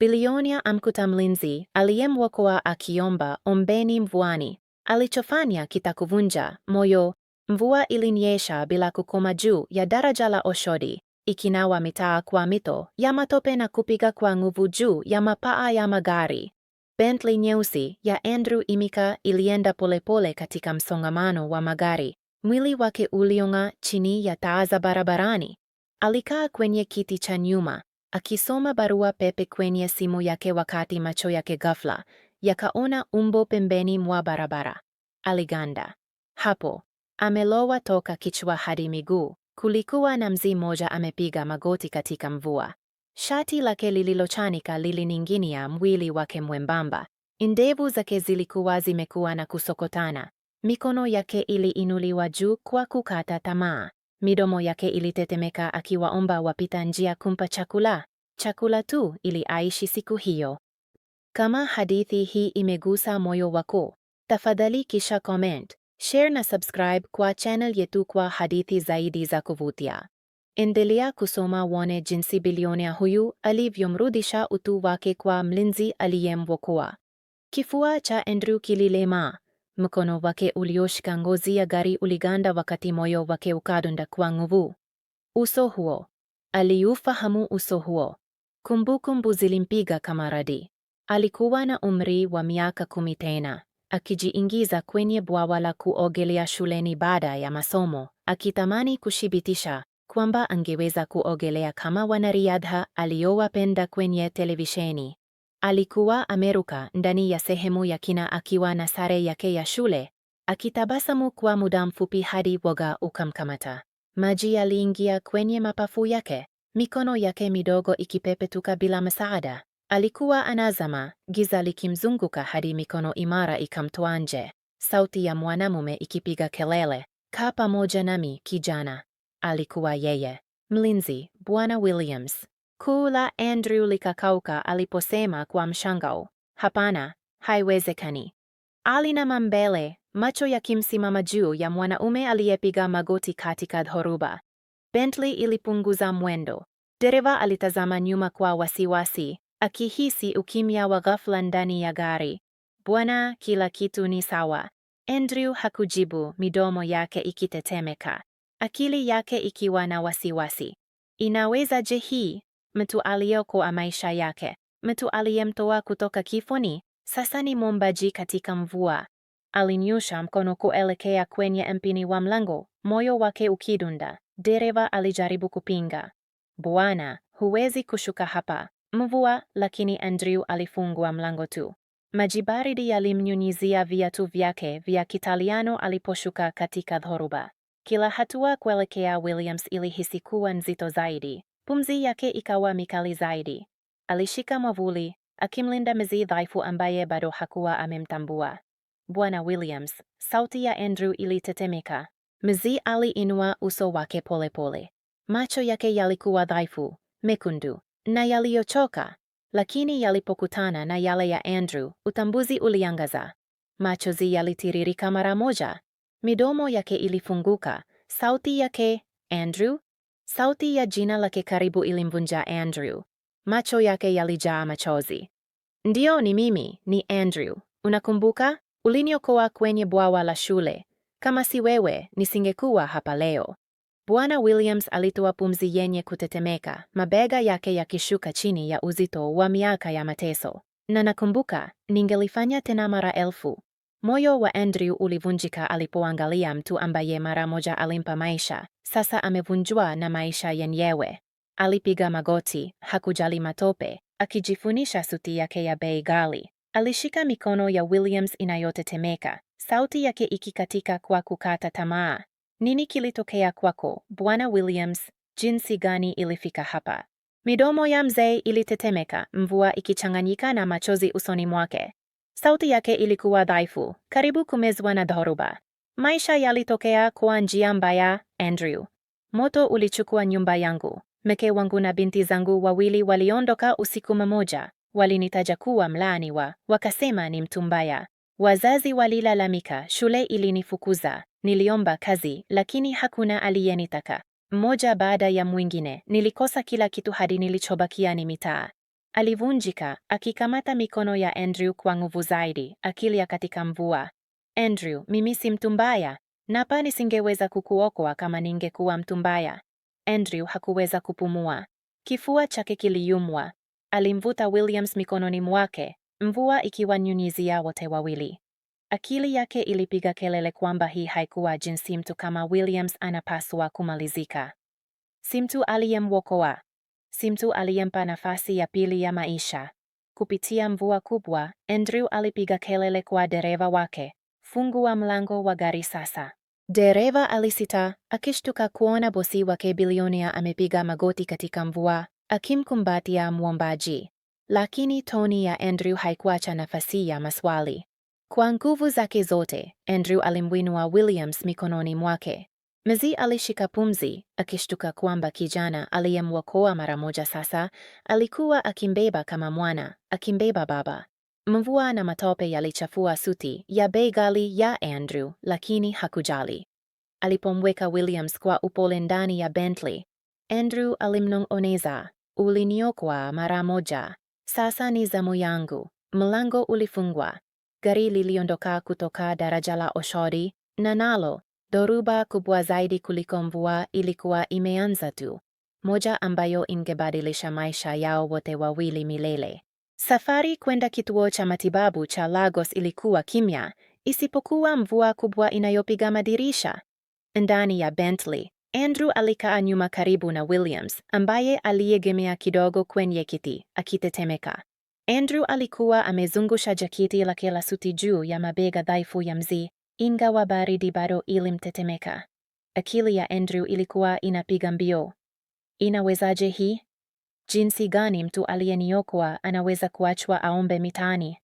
Bilionia amkuta mlinzi aliyemwokoa akiomba ombeni mvuani. Alichofanya kitakuvunja moyo. Mvua ilinyesha bila kukoma juu ya daraja la Oshodi, ikinawa mitaa kwa mito ya matope na kupiga kwa nguvu juu ya mapaa ya magari. Bentley nyeusi ya Andrew Imika ilienda polepole pole katika msongamano wa magari, mwili wake ulionga chini ya taa za barabarani. Alikaa kwenye kiti cha nyuma akisoma barua pepe kwenye simu yake wakati macho yake ghafla yakaona umbo pembeni mwa barabara. Aliganda. Hapo amelowa toka kichwa hadi miguu. Kulikuwa na mzee mmoja amepiga magoti katika mvua. Shati lake lililochanika lilining'inia mwili wake mwembamba. Ndevu zake zilikuwa zimekuwa na kusokotana. Mikono yake iliinuliwa juu kwa kukata tamaa. Midomo yake ilitetemeka akiwaomba wapita njia kumpa chakula chakula tu ili aishi siku hiyo. Kama hadithi hii imegusa moyo wako, tafadhali kisha comment, share na subscribe kwa channel yetu kwa hadithi zaidi za kuvutia. Endelea kusoma wone jinsi bilionea huyu alivyomrudisha utu wake kwa mlinzi aliyemwokoa. Kifua cha Andrew kililema, mkono wake ulioshika ngozi ya gari uliganda wakati moyo wake ukadunda kwa nguvu. Uso huo aliufahamu uso huo. Kumbukumbu zilimpiga kama radi. Alikuwa na umri wa miaka kumi tena, akijiingiza kwenye bwawa la kuogelea shuleni baada ya masomo, akitamani kushibitisha kwamba angeweza kuogelea kama wanariadha aliyowapenda kwenye televisheni. Alikuwa ameruka ndani ya sehemu ya kina akiwa na sare yake ya shule, akitabasamu kwa muda mfupi hadi woga ukamkamata. Maji yaliingia kwenye mapafu yake, mikono yake midogo ikipepetuka bila msaada. Alikuwa anazama, giza likimzunguka hadi mikono imara ikamtoa nje. Sauti ya mwanamume ikipiga kelele, kaa pamoja nami kijana. Alikuwa yeye mlinzi, Bwana Williams. Kuu la Andrew likakauka aliposema kwa mshangao, hapana, haiwezekani. Alinama mbele, macho yakimsimama juu ya mwanaume aliyepiga magoti katika dhoruba. Bentley ilipunguza mwendo. Dereva alitazama nyuma kwa wasiwasi, akihisi ukimya wa ghafla ndani ya gari. Bwana, kila kitu ni sawa. Andrew hakujibu, midomo yake ikitetemeka, akili yake ikiwa na wasiwasi. Inaweza je hii mtu aliyokoa maisha yake, mtu aliyemtoa kutoka kifoni, sasa ni mwombaji katika mvua. alinyusha mkono kuelekea kwenye mpini wa mlango, moyo wake ukidunda. Dereva alijaribu kupinga. Bwana, huwezi kushuka hapa, mvua, lakini Andrew alifungua mlango tu. Maji baridi yalimnyunyizia viatu vyake vya Kitaliano aliposhuka katika dhoruba. Kila hatua kuelekea Williams ilihisi kuwa nzito zaidi, pumzi yake ikawa mikali zaidi. Alishika mwavuli akimlinda mzee dhaifu ambaye bado hakuwa amemtambua. Bwana Williams, sauti ya Andrew ilitetemeka mzi aliinua uso wake polepole pole. Macho yake yalikuwa dhaifu, mekundu na yaliyochoka, lakini yalipokutana na yale ya Andrew, utambuzi uliangaza. Machozi yalitiririka mara moja, midomo yake ilifunguka. Sauti yake Andrew, sauti ya jina lake karibu ilimvunja Andrew. Macho yake yalijaa machozi. Ndiyo, ni mimi, ni Andrew. Unakumbuka uliniokoa kwenye bwawa la shule? Kama si wewe, nisingekuwa hapa leo. Bwana Williams alitoa pumzi yenye kutetemeka, mabega yake yakishuka chini ya uzito wa miaka ya mateso. Na nakumbuka, ningelifanya tena mara elfu. Moyo wa Andrew ulivunjika alipoangalia mtu ambaye mara moja alimpa maisha, sasa amevunjwa na maisha yenyewe. Alipiga magoti, hakujali matope, akijifunisha suti yake ya bei ghali. Alishika mikono ya Williams inayotetemeka, sauti yake ikikatika kwa kukata tamaa. Nini kilitokea kwako, Bwana Williams? Jinsi gani ilifika hapa? Midomo ya mzee ilitetemeka, mvua ikichanganyika na machozi usoni mwake. Sauti yake ilikuwa dhaifu, karibu kumezwa na dhoruba. Maisha yalitokea kwa njia mbaya, Andrew. Moto ulichukua nyumba yangu, mke wangu na binti zangu wawili waliondoka usiku mmoja walinitaja kuwa mlaani wa, wakasema ni mtu mbaya. Wazazi walilalamika, shule ilinifukuza. Niliomba kazi, lakini hakuna aliyenitaka. Mmoja baada ya mwingine, nilikosa kila kitu hadi nilichobakia ni mitaa. Alivunjika, akikamata mikono ya Andrew kwa nguvu zaidi, akilia katika mvua. Andrew, mimi si mtu mbaya. Napa nisingeweza kukuokoa kama ningekuwa mtu mbaya. Andrew hakuweza kupumua. Kifua chake kiliyumwa, alimvuta Williams mikononi mwake, mvua ikiwanyunyizia wote wawili. Akili yake ilipiga kelele kwamba hii haikuwa jinsi mtu kama Williams anapaswa kumalizika. Si mtu aliyemwokoa, si mtu aliyempa nafasi ya pili ya maisha. Kupitia mvua kubwa, Andrew alipiga kelele kwa dereva wake, fungua mlango wa gari sasa. Dereva alisita, akishtuka kuona bosi wake bilionea amepiga magoti katika mvua, akimkumbatia mwombaji. Lakini toni ya Andrew haikuacha nafasi ya maswali. Kwa nguvu zake zote, Andrew alimwinua Williams mikononi mwake. Mzee alishika pumzi, akishtuka kwamba kijana aliyemwokoa mara moja sasa alikuwa akimbeba kama mwana, akimbeba baba. Mvua na matope yalichafua suti ya bei ghali ya Andrew, lakini hakujali. Alipomweka Williams kwa upole ndani ya Bentley, Andrew alimnong'oneza, Uliniokwa mara moja. Sasa ni zamu yangu. Mlango ulifungwa. Gari liliondoka kutoka daraja la oshodi na nalo dhoruba kubwa zaidi kuliko mvua ilikuwa imeanza tu, moja ambayo ingebadilisha maisha yao wote wawili milele. Safari kwenda kituo cha matibabu cha Lagos ilikuwa kimya, isipokuwa mvua kubwa inayopiga madirisha. Ndani ya Bentley, Andrew alikaa nyuma karibu na Williams, ambaye aliegemea kidogo kwenye kiti, akitetemeka. Andrew alikuwa amezungusha jaketi lake la suti juu ya mabega dhaifu ya mzee, ingawa baridi bado ilimtetemeka. Akili ya Andrew ilikuwa inapiga mbio. Inawezaje hii? Jinsi gani mtu aliyeniokoa anaweza kuachwa aombe mitaani?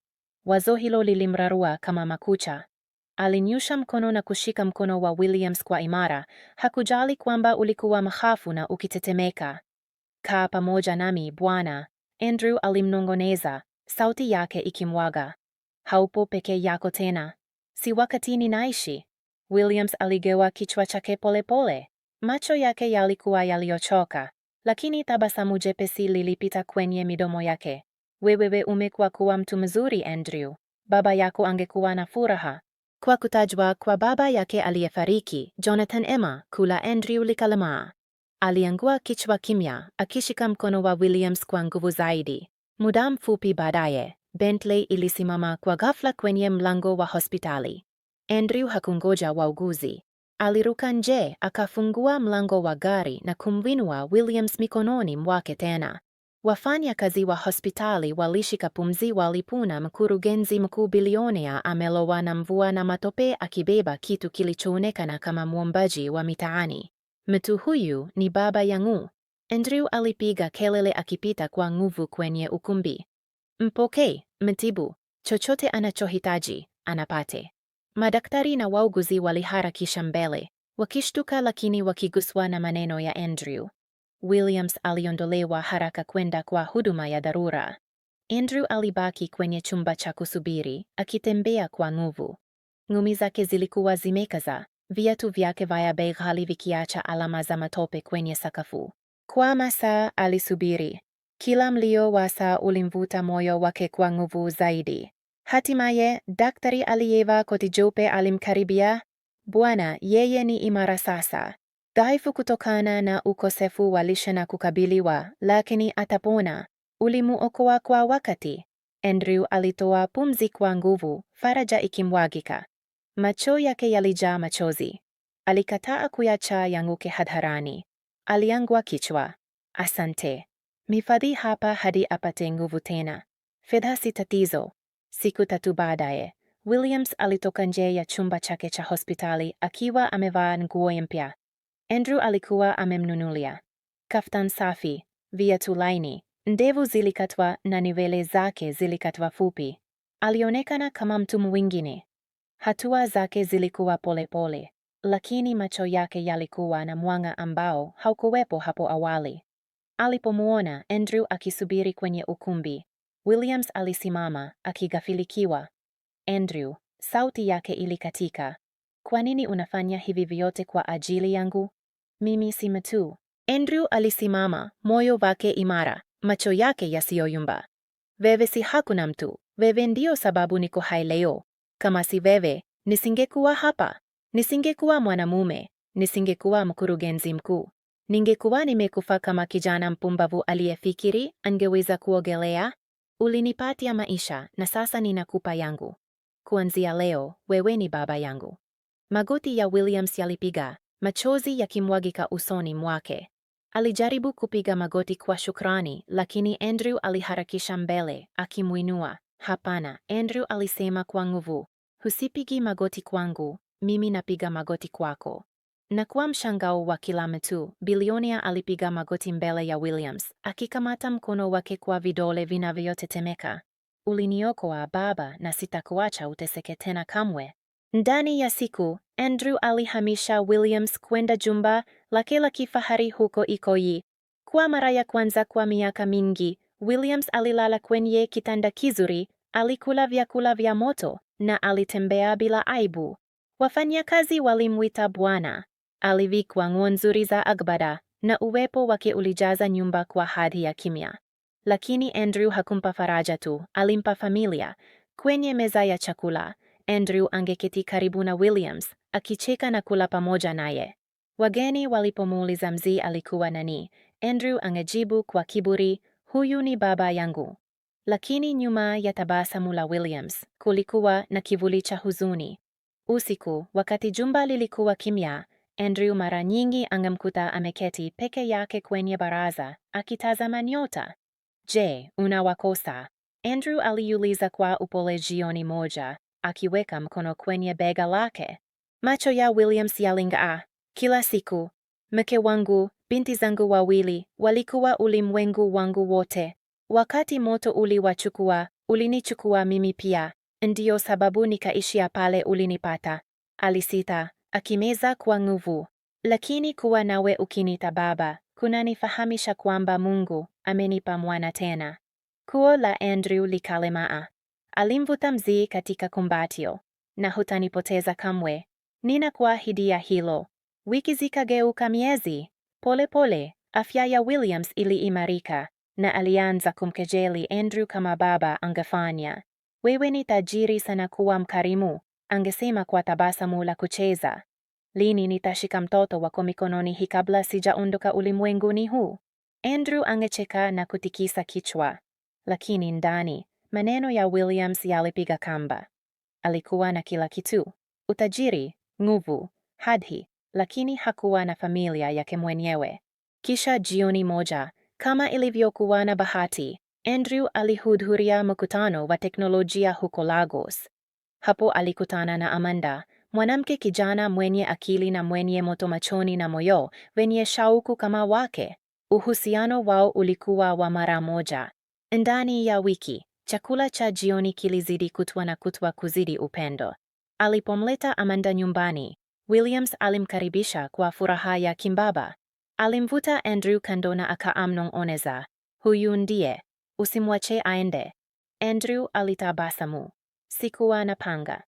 Wazo hilo lilimrarua kama makucha. Alinyusha mkono na kushika mkono wa Williams kwa imara. Hakujali kwamba ulikuwa mahafu na ukitetemeka. Kaa pamoja nami bwana, Andrew alimnongoneza, sauti yake ikimwaga. Haupo peke yako tena, si wakati ninaishi. Williams aligewa kichwa chake polepole, macho yake yalikuwa yaliyochoka, lakini tabasamu jepesi lilipita kwenye midomo yake. Wewewe umekuwa kuwa mtu mzuri Andrew, baba yako angekuwa na furaha kwa kutajwa kwa baba yake aliyefariki Jonathan Emma kula Andrew likalamaa. Aliangua kichwa kimya, akishika mkono wa Williams kwa nguvu zaidi. Muda mfupi baadaye, Bentley ilisimama kwa ghafla kwenye mlango wa hospitali. Andrew hakungoja wauguzi. Aliruka nje, akafungua mlango wa gari na kumwinua Williams mikononi mwake tena. Wafanyakazi wa hospitali walishikapumzi walipuna mkurugenzi mkuu bilionea amelowa na mvua na matope akibeba kitu kilichoonekana kama mwombaji wa mitaani. Mtu huyu ni baba yangu. Andrew alipiga kelele akipita kwa nguvu kwenye ukumbi. Mpokee, mtibu, chochote anachohitaji, anapate. Madaktari na wauguzi waliharakisha mbele, wakishtuka lakini wakiguswa na maneno ya Andrew. Williams aliondolewa haraka kwenda kwa huduma ya dharura. Andrew alibaki kwenye chumba cha kusubiri akitembea kwa nguvu. Ngumi zake zilikuwa zimekaza, viatu vyake vya bei ghali vikiacha alama za matope kwenye sakafu. Kwa masaa alisubiri. Kila mlio wa saa ulimvuta moyo wake kwa nguvu zaidi. Hatimaye daktari aliyevaa koti jeupe alimkaribia. Bwana, yeye ni imara sasa, dhaifu kutokana na ukosefu wa lishe na kukabiliwa, lakini atapona. Ulimuokoa kwa wakati. Andrew alitoa pumzi kwa nguvu, faraja ikimwagika. Macho yake yalijaa machozi. Alikataa kuyacha yanguke hadharani. Aliangua kichwa. Asante, mifadhi hapa hadi apate nguvu tena. Fedha si tatizo. Siku tatu baadaye, Williams alitoka nje ya chumba chake cha hospitali akiwa amevaa nguo mpya. Andrew alikuwa amemnunulia kaftan safi, viatu laini, ndevu zilikatwa na nywele zake zilikatwa fupi. Alionekana kama mtu mwingine. Hatua zake zilikuwa polepole pole, lakini macho yake yalikuwa na mwanga ambao haukuwepo hapo awali. Alipomuona Andrew akisubiri kwenye ukumbi, Williams alisimama akigafilikiwa. Andrew, sauti yake ilikatika. Kwa nini unafanya hivi vyote kwa ajili yangu? Mimi si mtu. Andrew alisimama, moyo wake imara, macho yake yasiyoyumba. Wewe si hakuna mtu. Wewe ndio sababu niko hai leo. Kama si wewe, nisingekuwa hapa. Nisingekuwa mwanamume, nisingekuwa mkurugenzi mkuu. Ningekuwa nimekufa kama kijana mpumbavu aliyefikiri angeweza kuogelea. Ulinipatia maisha na sasa ninakupa yangu. Kuanzia leo, wewe ni baba yangu. Magoti ya Williams yalipiga, machozi yakimwagika usoni mwake. Alijaribu kupiga magoti kwa shukrani, lakini Andrew aliharakisha mbele akimwinua. Hapana, Andrew alisema kwa nguvu, husipigi magoti kwangu, mimi napiga magoti kwako. Na kwa mshangao wa kila mtu, bilionea alipiga magoti mbele ya Williams, akikamata mkono wake kwa vidole vinavyotetemeka. Uliniokoa baba, na sitakuacha uteseke tena kamwe. Ndani ya siku, Andrew alihamisha Williams kwenda jumba lake la kifahari huko Ikoyi. Kwa mara ya kwanza kwa miaka mingi, Williams alilala kwenye kitanda kizuri, alikula vyakula vya moto na alitembea bila aibu. Wafanyakazi walimwita bwana. Alivikwa nguo nzuri za agbada na uwepo wake ulijaza nyumba kwa hadhi ya kimya. Lakini Andrew hakumpa faraja tu, alimpa familia. Kwenye meza ya chakula, Andrew angeketi karibu na Williams akicheka na kula pamoja naye. Wageni walipomuuliza mzee alikuwa nani, Andrew angejibu kwa kiburi, huyu ni baba yangu. Lakini nyuma ya tabasamu la Williams kulikuwa na kivuli cha huzuni. Usiku, wakati jumba lilikuwa kimya, Andrew mara nyingi angemkuta ameketi peke yake kwenye baraza akitazama nyota. Je, unawakosa? Andrew aliuliza kwa upole jioni moja, akiweka mkono kwenye bega lake. Macho ya Williams yaling'aa. Kila siku, mke wangu, binti zangu wawili, walikuwa ulimwengu wangu wote. Wakati moto uliwachukua, ulinichukua mimi pia. Ndiyo sababu nikaishia pale ulinipata. Alisita, akimeza kwa nguvu. Lakini kuwa nawe ukinita baba, kunanifahamisha kwamba Mungu amenipa mwana tena. Kuo la Andrew likalemaa. Alimvuta Mzee katika kumbatio. Na hutanipoteza kamwe, nina kuahidia hilo. Wiki zikageuka miezi. polepole pole afya ya Williams iliimarika na alianza kumkejeli Andrew kama baba angefanya. Wewe ni tajiri sana, kuwa mkarimu, angesema kwa tabasamu la kucheza. Lini nitashika mtoto wako mikononi hii kabla sijaondoka ulimwenguni huu? Andrew angecheka na kutikisa kichwa, lakini ndani Maneno ya Williams yalipiga kamba. Alikuwa na kila kitu: utajiri, nguvu, hadhi, lakini hakuwa na familia yake mwenyewe. Kisha jioni moja, kama ilivyokuwa na bahati, Andrew alihudhuria mkutano wa teknolojia huko Lagos. Hapo alikutana na Amanda, mwanamke kijana mwenye akili na mwenye moto machoni na moyo wenye shauku kama wake. Uhusiano wao ulikuwa wa mara moja. Ndani ya wiki Chakula cha jioni kilizidi kutwa na kutwa kuzidi upendo. Alipomleta Amanda nyumbani, Williams alimkaribisha kwa furaha ya kimbaba. Alimvuta Andrew kando na akaamnong'oneza, huyu ndiye, usimwache aende. Andrew alitabasamu, sikuwa napanga.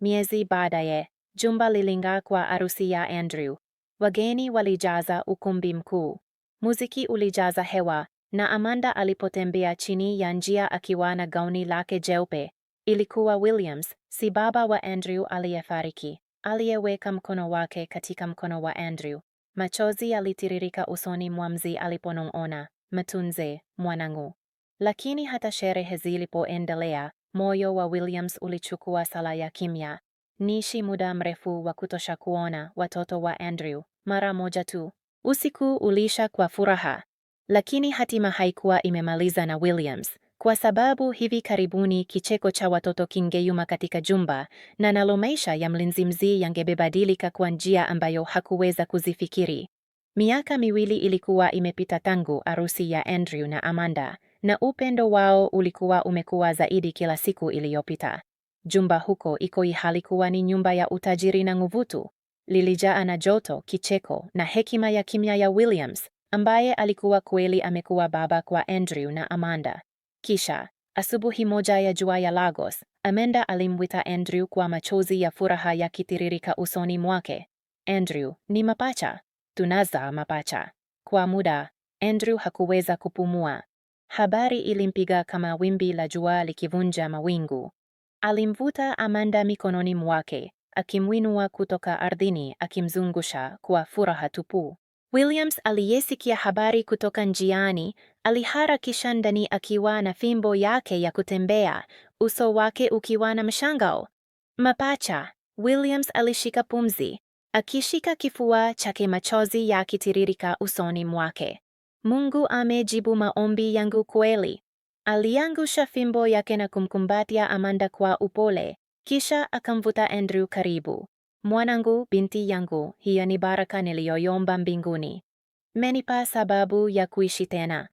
Miezi baadaye, jumba liling'aa kwa arusi ya Andrew. Wageni walijaza ukumbi mkuu. Muziki ulijaza hewa, na Amanda alipotembea chini ya njia akiwa na gauni lake jeupe, ilikuwa Williams, si baba wa Andrew aliyefariki, aliyeweka mkono wake katika mkono wa Andrew. Machozi yalitiririka usoni mwamzi aliponong'ona, mtunze mwanangu. Lakini hata sherehe zilipoendelea, moyo wa Williams ulichukua sala ya kimya. Nishi muda mrefu wa kutosha kuona watoto wa Andrew mara moja tu. Usiku uliisha kwa furaha, lakini hatima haikuwa imemaliza na Williams, kwa sababu hivi karibuni kicheko cha watoto kingeyuma katika jumba na nalo maisha ya mlinzi mzee yangebebadilika kwa njia ambayo hakuweza kuzifikiri. Miaka miwili ilikuwa imepita tangu arusi ya Andrew na Amanda, na upendo wao ulikuwa umekuwa zaidi kila siku iliyopita. Jumba huko ihali halikuwa ni nyumba ya utajiri na nguvu tu, lilijaa na joto, kicheko na hekima ya kimya ya Williams, ambaye alikuwa kweli amekuwa baba kwa Andrew na Amanda. Kisha asubuhi moja ya jua ya Lagos, Amanda alimwita Andrew kwa machozi ya furaha yakitiririka usoni mwake. Andrew, ni mapacha, tunazaa mapacha. Kwa muda Andrew hakuweza kupumua. Habari ilimpiga kama wimbi la jua likivunja mawingu. Alimvuta Amanda mikononi mwake, akimwinua kutoka ardhini, akimzungusha kwa furaha tupu. Williams aliyesikia habari kutoka njiani alihara ndani akiwa na fimbo yake ya kutembea, uso wake ukiwa na mshangao. Mapacha, Williams alishika pumzi, akishika kifua chake, machozi yakitiririka usoni mwake. Mungu amejibu maombi yangu kweli. Aliangusha fimbo yake na kumkumbatia Amanda kwa upole, kisha akamvuta Andrew karibu. Mwanangu, binti yangu, hiyo ni baraka niliyoyomba mbinguni. Menipa sababu ya kuishi tena.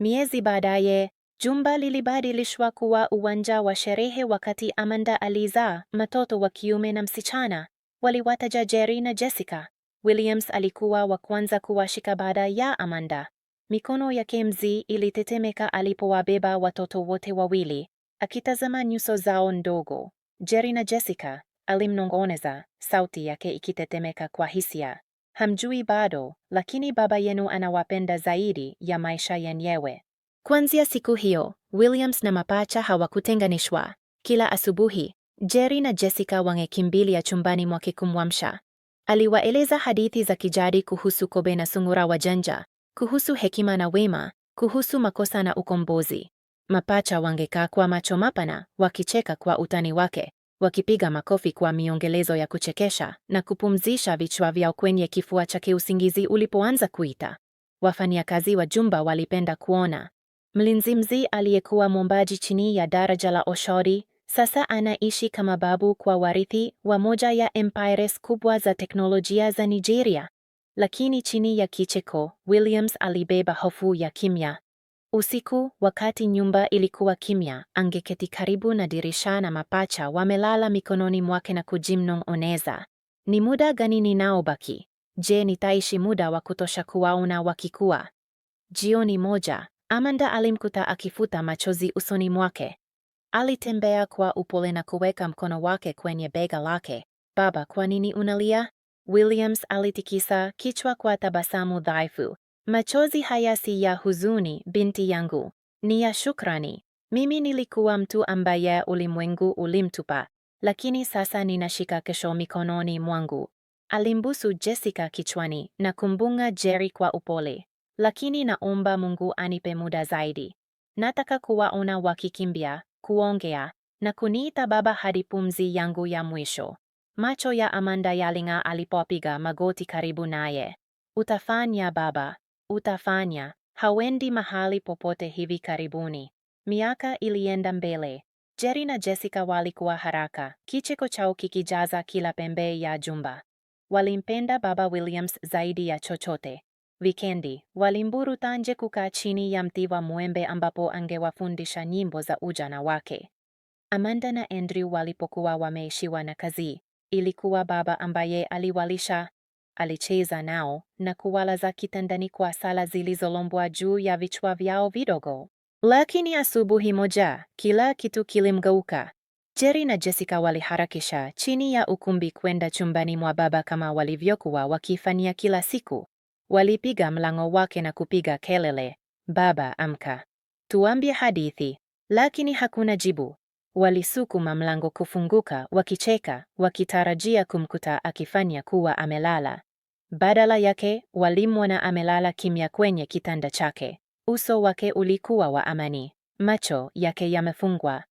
Miezi baadaye, jumba lilibadilishwa kuwa uwanja wa sherehe wakati Amanda alizaa mtoto wa kiume na msichana. Waliwataja Jerry na Jessica. Williams alikuwa wa kwanza kuwashika baada ya Amanda. Mikono ya kemzi ilitetemeka alipowabeba watoto wote wawili, akitazama nyuso zao ndogo. Jerry na Jessica alimnong'oneza, sauti yake ikitetemeka kwa hisia. Hamjui bado, lakini Baba yenu anawapenda zaidi ya maisha yenyewe. Kuanzia siku hiyo, Williams na mapacha hawakutenganishwa. Kila asubuhi, Jerry na Jessica wangekimbilia chumbani mwake kumwamsha. Aliwaeleza hadithi za kijadi kuhusu kobe na sungura wa janja kuhusu hekima na wema, kuhusu makosa na ukombozi. Mapacha wangekaa kwa macho mapana, wakicheka kwa utani wake, wakipiga makofi kwa miongelezo ya kuchekesha na kupumzisha vichwa vyao kwenye kifua chake usingizi ulipoanza kuita. Wafanyakazi wa jumba walipenda kuona mlinzi mzee aliyekuwa mwombaji chini ya daraja la Oshori sasa anaishi kama babu kwa warithi wa moja ya empires kubwa za teknolojia za Nigeria. Lakini chini ya kicheko, Williams alibeba hofu ya kimya Usiku, wakati nyumba ilikuwa kimya, angeketi karibu na dirisha na mapacha wamelala mikononi mwake na kujimnong'oneza. Ni muda gani ninaobaki? Je, nitaishi muda wa kutosha kuwaona wakikua? Jioni moja, Amanda alimkuta akifuta machozi usoni mwake. Alitembea kwa upole na kuweka mkono wake kwenye bega lake. Baba, kwa nini unalia? Williams alitikisa kichwa kwa tabasamu dhaifu. Machozi haya si ya huzuni, binti yangu, ni ya shukrani. Mimi nilikuwa mtu ambaye ulimwengu ulimtupa, lakini sasa ninashika kesho mikononi mwangu. Alimbusu Jessica kichwani na kumbunga Jerry kwa upole. Lakini naomba Mungu anipe muda zaidi. Nataka kuwaona wakikimbia, kuongea na kuniita baba hadi pumzi yangu ya mwisho. Macho ya Amanda yaling'aa alipopiga magoti karibu naye. Utafanya baba, utafanya, hawendi mahali popote hivi karibuni. Miaka ilienda mbele. Jerry na Jessica walikuwa haraka, kicheko chao kikijaza kila pembe ya jumba. Walimpenda Baba Williams zaidi ya chochote. Wikendi, walimburuta nje kukaa chini ya mti wa mwembe ambapo angewafundisha nyimbo za ujana wake. Amanda na Andrew walipokuwa wameishiwa na kazi, ilikuwa baba ambaye aliwalisha alicheza nao na kuwalaza kitandani kwa sala zilizolombwa juu ya vichwa vyao vidogo. Lakini asubuhi moja kila kitu kilimgeuka. Jerry na Jessica waliharakisha chini ya ukumbi kwenda chumbani mwa baba kama walivyokuwa wakifanya kila siku. Walipiga mlango wake na kupiga kelele, baba, amka, tuambie hadithi. Lakini hakuna jibu. Walisukuma mlango kufunguka, wakicheka, wakitarajia kumkuta akifanya kuwa amelala. Badala yake walimwona amelala kimya kwenye kitanda chake. Uso wake ulikuwa wa amani, macho yake yamefungwa.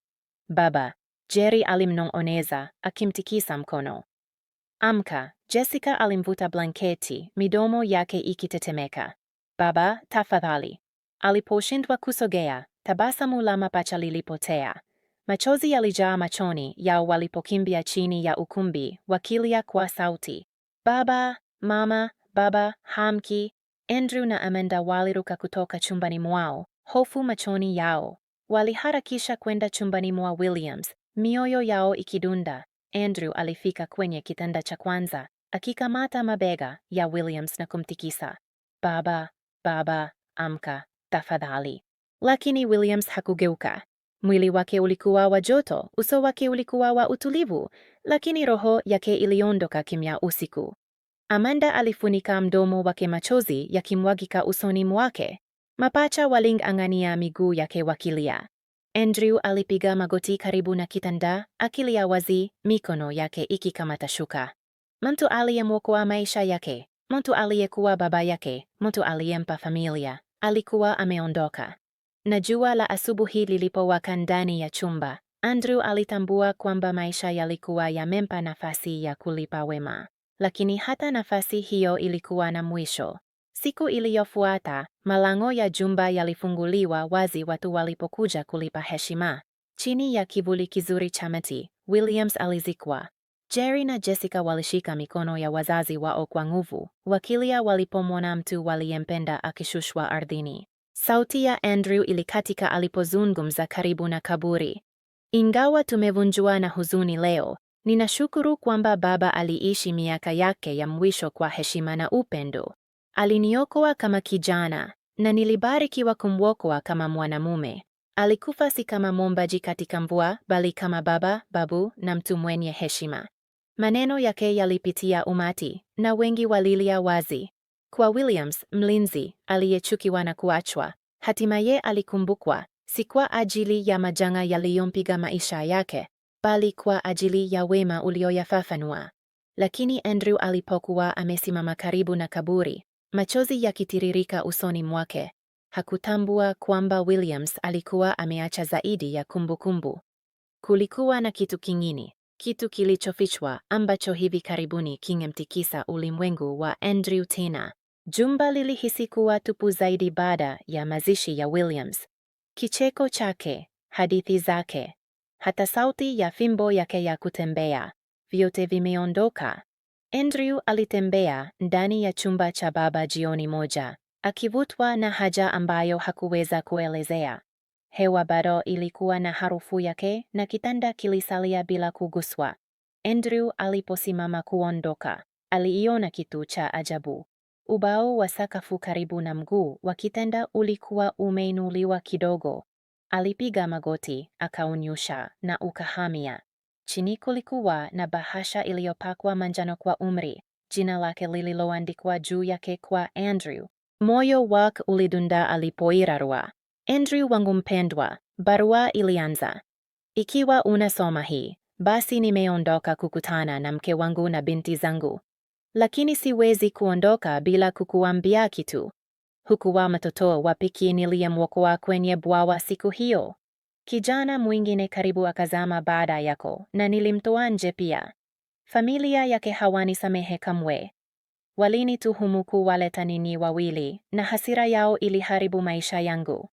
Baba, Jerry alimnong'oneza, akimtikisa mkono. Amka, Jessica alimvuta blanketi, midomo yake ikitetemeka. Baba, tafadhali. Aliposhindwa kusogea, tabasamu la mapacha lilipotea. Machozi yalijaa machoni yao walipokimbia chini ya ukumbi, wakilia kwa sauti, Baba! Mama, baba, Hamki, Andrew na Amanda waliruka kutoka chumbani mwao, hofu machoni yao. Waliharakisha kwenda chumbani mwa Williams, mioyo yao ikidunda. Andrew alifika kwenye kitanda cha kwanza akikamata mabega ya Williams na kumtikisa. Baba, baba, amka tafadhali. Lakini Williams hakugeuka. Mwili wake ulikuwa wa joto, uso wake ulikuwa wa utulivu, lakini roho yake iliondoka kimya usiku. Amanda alifunika mdomo wake, machozi yakimwagika usoni mwake. Mapacha waling'ang'ania miguu yake wakilia. Andrew alipiga magoti karibu na kitanda, akilia wazi, mikono yake ikikamata shuka. Mtu aliyemwokoa maisha yake, mtu aliyekuwa baba yake, mtu aliyempa familia, alikuwa ameondoka. Na jua la asubuhi lilipowaka ndani ya chumba, Andrew alitambua kwamba maisha yalikuwa yamempa nafasi ya kulipa wema lakini hata nafasi hiyo ilikuwa na mwisho. Siku iliyofuata malango ya jumba yalifunguliwa wazi watu walipokuja kulipa heshima. Chini ya kivuli kizuri cha mti, Williams alizikwa. Jerry na Jessica walishika mikono ya wazazi wao kwa nguvu, wakilia walipomwona mtu waliyempenda akishushwa ardhini. Sauti ya Andrew ilikatika alipozungumza karibu na kaburi. Ingawa tumevunjwa na huzuni leo, Ninashukuru kwamba baba aliishi miaka yake ya mwisho kwa heshima na upendo. Aliniokoa kama kijana na nilibarikiwa kumwokoa kama mwanamume. Alikufa si kama mwombaji katika mvua, bali kama baba, babu na mtu mwenye heshima. Maneno yake yalipitia umati na wengi walilia wazi. Kwa Williams, mlinzi aliyechukiwa na kuachwa, hatimaye alikumbukwa si kwa ajili ya majanga yaliyompiga maisha yake, bali kwa ajili ya wema ulioyafafanua. Lakini Andrew alipokuwa amesimama karibu na kaburi, machozi yakitiririka usoni mwake, hakutambua kwamba Williams alikuwa ameacha zaidi ya kumbukumbu kumbu. Kulikuwa na kitu kingine, kitu kilichofichwa ambacho hivi karibuni kingemtikisa ulimwengu wa Andrew tena. Jumba lilihisi kuwa tupu zaidi baada ya mazishi ya Williams. Kicheko chake, hadithi zake, hata sauti ya fimbo yake ya kutembea. Vyote vimeondoka. Andrew alitembea ndani ya chumba cha baba jioni moja, akivutwa na haja ambayo hakuweza kuelezea. Hewa bado ilikuwa na harufu yake na kitanda kilisalia bila kuguswa. Andrew aliposimama kuondoka, aliiona kitu cha ajabu. Ubao wa sakafu karibu na mguu wa kitanda ulikuwa umeinuliwa kidogo, Alipiga magoti, akaunyusha na ukahamia. Chini kulikuwa na bahasha iliyopakwa manjano kwa umri, jina lake lililoandikwa juu yake kwa Andrew. Moyo wake ulidunda alipoirarua. Andrew wangu mpendwa, barua ilianza. Ikiwa unasoma hii, basi nimeondoka kukutana na mke wangu na binti zangu, lakini siwezi kuondoka bila kukuambia kitu huku wa wapiki niliyemwokoa kwenye bwawa siku hiyo. Kijana mwingine karibu akazama baada yako na nilimtoa nje pia. Familia yake hawani samehe kamwe. walini tuhumu kuwaleta nini wawili na hasira yao iliharibu maisha yangu.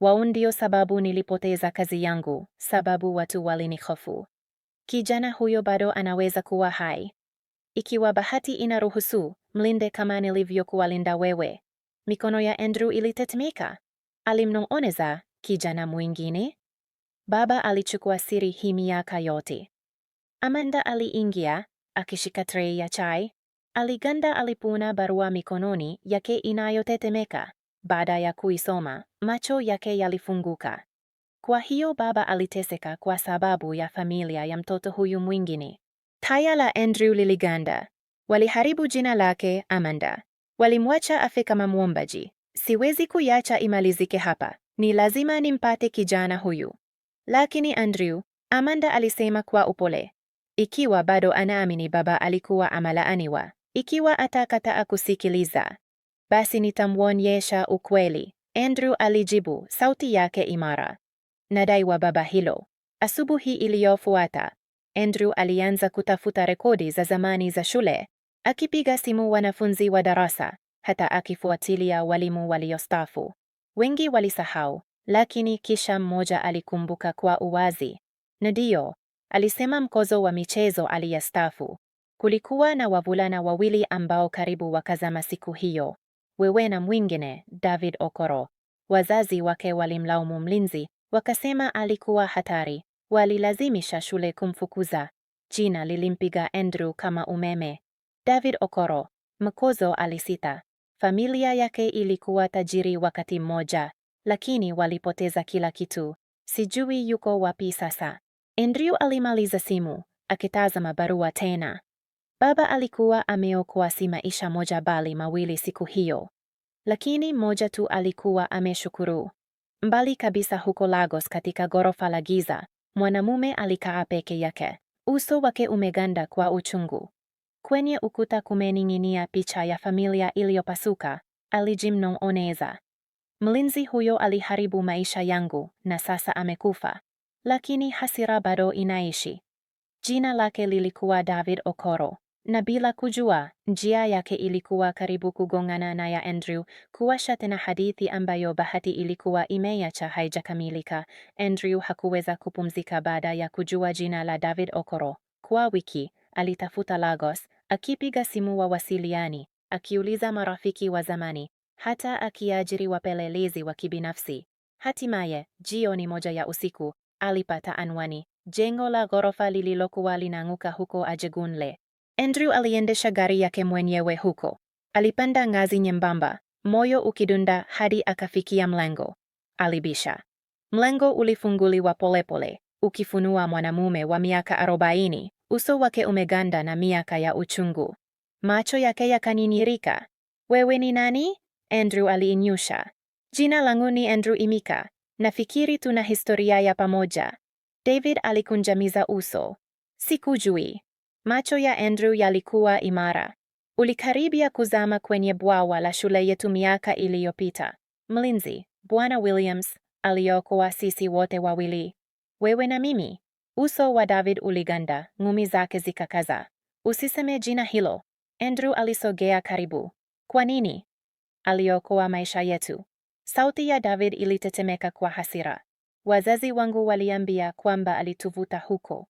Wao ndio sababu nilipoteza kazi yangu, sababu watu walinihofu. Kijana huyo bado anaweza kuwa hai. Ikiwa bahati inaruhusu, mlinde kama nilivyokuwalinda wewe mikono ya Andrew ilitetemeka. Alimnong'oneza kijana mwingine. Baba alichukua siri hii miaka yote. Amanda aliingia akishika trei ya chai. Aliganda alipuna barua mikononi yake inayotetemeka. Baada ya kuisoma, macho yake yalifunguka. Kwa hiyo baba aliteseka kwa sababu ya familia ya mtoto huyu mwingine. Taya la Andrew liliganda. Waliharibu jina lake Amanda Walimwacha afe kama mwombaji. Siwezi kuyacha imalizike hapa, ni lazima nimpate kijana huyu. Lakini Andrew, Amanda alisema kwa upole, ikiwa bado anaamini baba alikuwa amalaaniwa, ikiwa atakataa kusikiliza, basi nitamwonyesha ukweli, Andrew alijibu, sauti yake imara. Nadaiwa baba hilo. Asubuhi iliyofuata Andrew alianza kutafuta rekodi za zamani za shule akipiga simu wanafunzi wa darasa, hata akifuatilia walimu waliostafu. Wengi walisahau, lakini kisha mmoja alikumbuka kwa uwazi. Ndio, alisema mkozo wa michezo aliyestafu. Kulikuwa na wavulana wawili ambao karibu wakazama siku hiyo, wewe na mwingine David Okoro. Wazazi wake walimlaumu mlinzi, wakasema alikuwa hatari. Walilazimisha shule kumfukuza. Jina lilimpiga Andrew kama umeme. David Okoro, Mkozo alisita. Familia yake ilikuwa tajiri wakati mmoja, lakini walipoteza kila kitu. Sijui yuko wapi sasa. Andrew alimaliza simu, akitazama barua tena. Baba alikuwa ameokoa si maisha moja bali mawili siku hiyo, lakini moja tu alikuwa ameshukuru. Mbali kabisa huko Lagos, katika ghorofa la giza, mwanamume alikaa peke yake, uso wake umeganda kwa uchungu. Kwenye ukuta kumening'inia picha ya familia iliyopasuka, alijimnong'oneza. Mlinzi huyo aliharibu maisha yangu na sasa amekufa, lakini hasira bado inaishi. Jina lake lilikuwa David Okoro, na bila kujua, njia yake ilikuwa karibu kugongana na ya Andrew, kuwasha tena hadithi ambayo bahati ilikuwa imeacha haijakamilika. Andrew hakuweza kupumzika baada ya kujua jina la David Okoro. Kwa wiki, alitafuta Lagos, akipiga simu wa wasiliani akiuliza marafiki wa zamani, hata akiajiri wapelelezi wa kibinafsi. Hatimaye, jioni moja ya usiku, alipata anwani, jengo la ghorofa lililokuwa linaanguka huko Ajegunle. Andrew aliendesha gari yake mwenyewe huko. Alipanda ngazi nyembamba, moyo ukidunda hadi akafikia mlango. Alibisha. Mlango ulifunguliwa polepole, ukifunua mwanamume wa miaka arobaini Uso wake umeganda na miaka ya uchungu. Macho yake yakaninirika. Wewe ni nani? Andrew aliinyusha. Jina langu ni Andrew Imika. Nafikiri tuna historia ya pamoja. David alikunjamiza uso. Sikujui. Macho ya Andrew yalikuwa imara. Ulikaribia kuzama kwenye bwawa la shule yetu miaka iliyopita. Mlinzi, Bwana Williams, aliokoa sisi wote wawili, wewe na mimi. Uso wa David uliganda, ngumi zake zikakaza. Usiseme jina hilo. Andrew alisogea karibu. Kwa nini? Aliokoa maisha yetu. Sauti ya David ilitetemeka kwa hasira. Wazazi wangu waliambia kwamba alituvuta huko.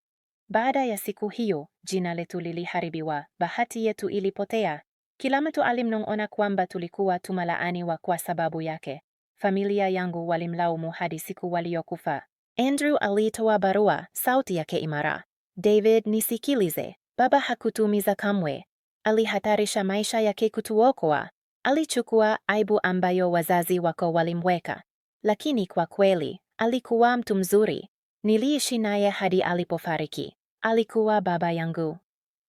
Baada ya siku hiyo, jina letu liliharibiwa, bahati yetu ilipotea. Kila mtu alimnong'ona kwamba tulikuwa tumalaaniwa kwa sababu yake. Familia yangu walimlaumu hadi siku waliokufa. Andrew alitoa barua, sauti yake imara. David, nisikilize. Baba hakutumiza kamwe. Alihatarisha maisha yake kutuokoa. Alichukua aibu ambayo wazazi wako walimweka. Lakini kwa kweli, alikuwa mtu mzuri. Niliishi naye hadi alipofariki. Alikuwa baba yangu.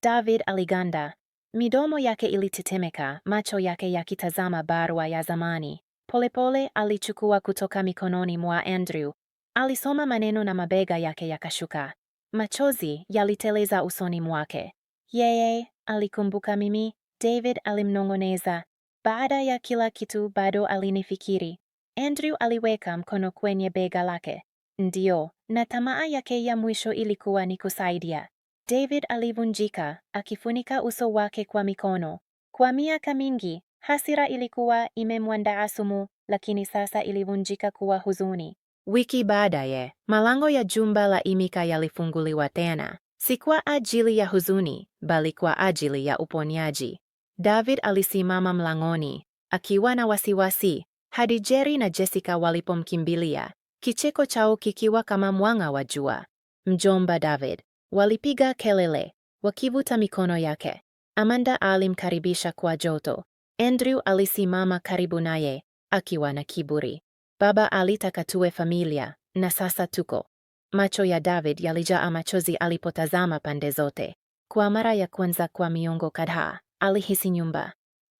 David aliganda. Midomo yake ilitetemeka, macho yake yakitazama barua ya zamani. Polepole alichukua kutoka mikononi mwa Andrew Alisoma maneno na mabega yake yakashuka. Machozi yaliteleza usoni mwake. Yeye alikumbuka mimi, David alimnong'oneza. Baada ya kila kitu bado alinifikiri. Andrew aliweka mkono kwenye bega lake. ndio na tamaa yake ya mwisho ilikuwa ni kusaidia. David alivunjika, akifunika uso wake kwa mikono. Kwa miaka mingi, hasira ilikuwa imemwandaa sumu, lakini sasa ilivunjika kuwa huzuni. Wiki baadaye, malango ya jumba la Imika yalifunguliwa tena, si kwa ajili ya huzuni, bali kwa ajili ya uponyaji. David alisimama mlangoni akiwa na wasiwasi hadi Jerry na Jessica walipomkimbilia, kicheko chao kikiwa kama mwanga wa jua. Mjomba David, walipiga kelele wakivuta mikono yake. Amanda alimkaribisha kwa joto. Andrew alisimama karibu naye akiwa na kiburi. Baba alitaka tuwe familia, na sasa tuko. Macho ya David yalijaa machozi alipotazama pande zote. Kwa mara ya kwanza kwa miongo kadhaa, alihisi nyumba.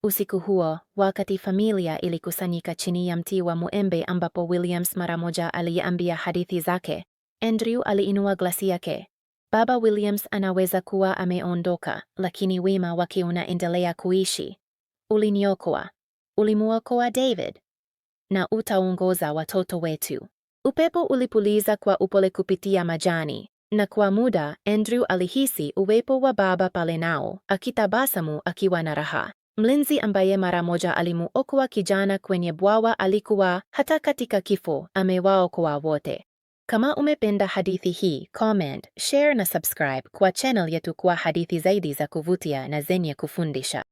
Usiku huo, wakati familia ilikusanyika chini ya mti wa muembe ambapo Williams mara moja aliambia hadithi zake, Andrew aliinua glasi yake. Baba Williams anaweza kuwa ameondoka, lakini wima wake unaendelea kuishi. Uliniokoa. Ulimuokoa David na utaongoza watoto wetu. Upepo ulipuliza kwa upole kupitia majani, na kwa muda Andrew alihisi uwepo wa baba pale nao, akitabasamu akiwa na raha. Mlinzi ambaye mara moja alimuokoa kijana kwenye bwawa alikuwa hata katika kifo amewaokoa wote. Kama umependa hadithi hii, comment, share na subscribe kwa channel yetu kwa hadithi zaidi za kuvutia na zenye kufundisha.